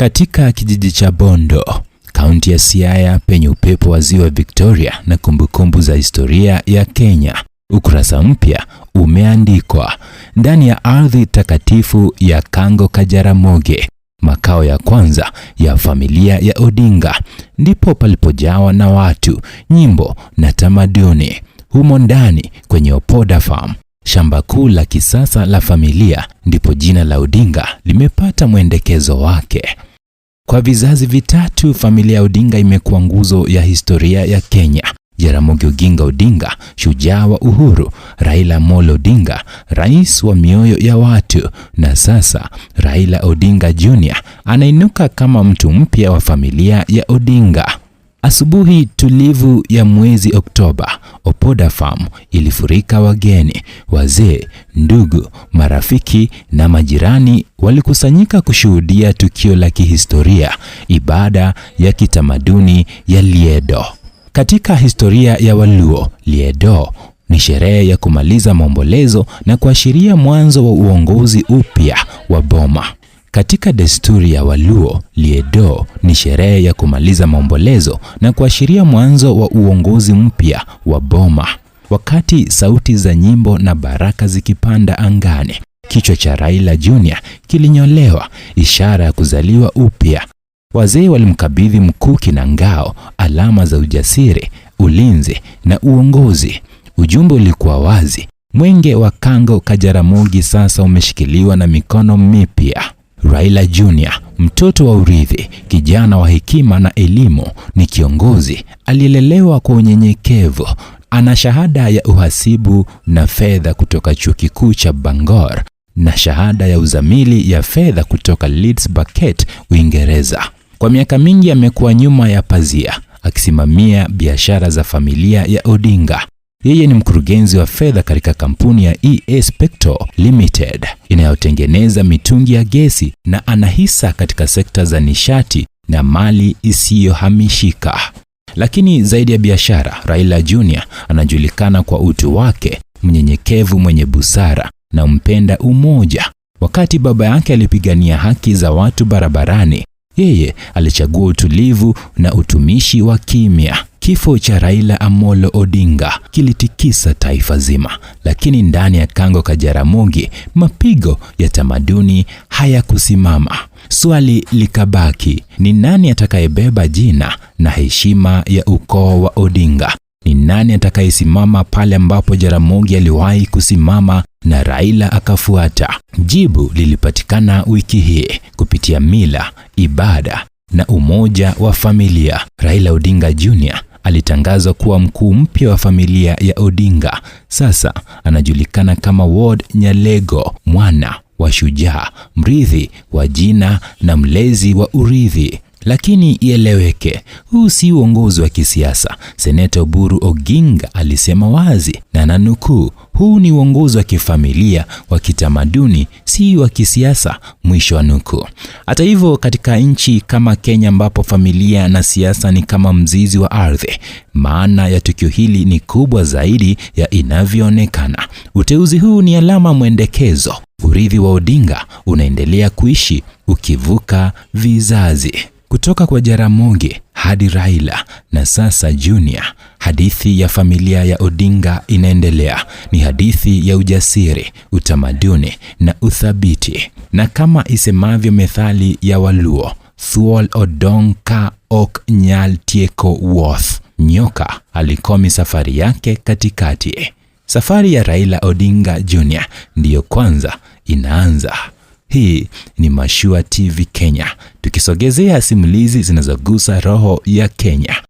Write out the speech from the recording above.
Katika kijiji cha Bondo, kaunti ya Siaya, penye upepo wa ziwa Victoria na kumbukumbu za historia ya Kenya, ukurasa mpya umeandikwa ndani ya ardhi takatifu ya Kango Kajaramoge, makao ya kwanza ya familia ya Odinga. Ndipo palipojawa na watu, nyimbo na tamaduni. Humo ndani kwenye Opoda Farm, shamba kuu la kisasa la familia, ndipo jina la Odinga limepata mwendekezo wake. Kwa vizazi vitatu, familia ya Odinga imekuwa nguzo ya historia ya Kenya. Jaramogi Oginga Odinga, shujaa wa uhuru, Raila Amolo Odinga, rais wa mioyo ya watu, na sasa Raila Odinga Junior anainuka kama mtu mpya wa familia ya Odinga. Asubuhi tulivu ya mwezi Oktoba, Opoda Farm ilifurika wageni, wazee, ndugu, marafiki na majirani walikusanyika kushuhudia tukio la kihistoria, ibada ya kitamaduni ya Liedo. Katika historia ya Waluo, Liedo ni sherehe ya kumaliza maombolezo na kuashiria mwanzo wa uongozi upya wa boma. Katika desturi ya Waluo, Liedo ni sherehe ya kumaliza maombolezo na kuashiria mwanzo wa uongozi mpya wa boma. Wakati sauti za nyimbo na baraka zikipanda angani, kichwa cha Raila Junior kilinyolewa, ishara ya kuzaliwa upya. Wazee walimkabidhi mkuu ngao alama za ujasiri, ulinzi na uongozi. Ujumbe ulikuwa wazi: mwenge wa Kango Kajaramogi sasa umeshikiliwa na mikono mipya. Raila Junior, mtoto wa urithi, kijana wa hekima na elimu, ni kiongozi aliyelelewa kwa unyenyekevu. Ana shahada ya uhasibu na fedha kutoka Chuo Kikuu cha Bangor na shahada ya uzamili ya fedha kutoka Leeds Bucket, Uingereza. Kwa miaka mingi amekuwa nyuma ya pazia akisimamia biashara za familia ya Odinga. Yeye ni mkurugenzi wa fedha katika kampuni ya EA Spectro Limited inayotengeneza mitungi ya gesi na ana hisa katika sekta za nishati na mali isiyohamishika. Lakini zaidi ya biashara, Raila Junior anajulikana kwa utu wake, mnyenyekevu, mwenye busara na mpenda umoja. Wakati baba yake alipigania haki za watu barabarani, yeye alichagua utulivu na utumishi wa kimya. Kifo cha Raila Amolo Odinga kilitikisa taifa zima, lakini ndani ya Kango ka Jaramogi mapigo ya tamaduni hayakusimama. Swali likabaki, ni nani atakayebeba jina na heshima ya ukoo wa Odinga? Ni nani atakayesimama pale ambapo Jaramogi aliwahi kusimama na Raila akafuata? Jibu lilipatikana wiki hii kupitia mila, ibada na umoja wa familia. Raila Odinga Jr alitangazwa kuwa mkuu mpya wa familia ya Odinga. Sasa anajulikana kama Ward Nyalego, mwana wa shujaa, mrithi wa jina na mlezi wa urithi lakini ieleweke, huu si uongozi wa kisiasa. Seneta Oburu Oginga alisema wazi na nanukuu, huu ni uongozi wa kifamilia, wa kitamaduni, si wa kisiasa, mwisho wa nukuu. Hata hivyo, katika nchi kama Kenya ambapo familia na siasa ni kama mzizi wa ardhi, maana ya tukio hili ni kubwa zaidi ya inavyoonekana. Uteuzi huu ni alama mwendekezo, urithi wa Odinga unaendelea kuishi ukivuka vizazi kutoka kwa Jaramogi hadi Raila na sasa Junior. Hadithi ya familia ya Odinga inaendelea. Ni hadithi ya ujasiri, utamaduni na uthabiti, na kama isemavyo methali ya Waluo, thuol odong ka ok nyal tieko wuoth, nyoka alikomi safari yake katikati. Safari ya Raila Odinga Junior ndiyo kwanza inaanza. Hii ni Mashua TV Kenya, tukisogezea simulizi zinazogusa roho ya Kenya.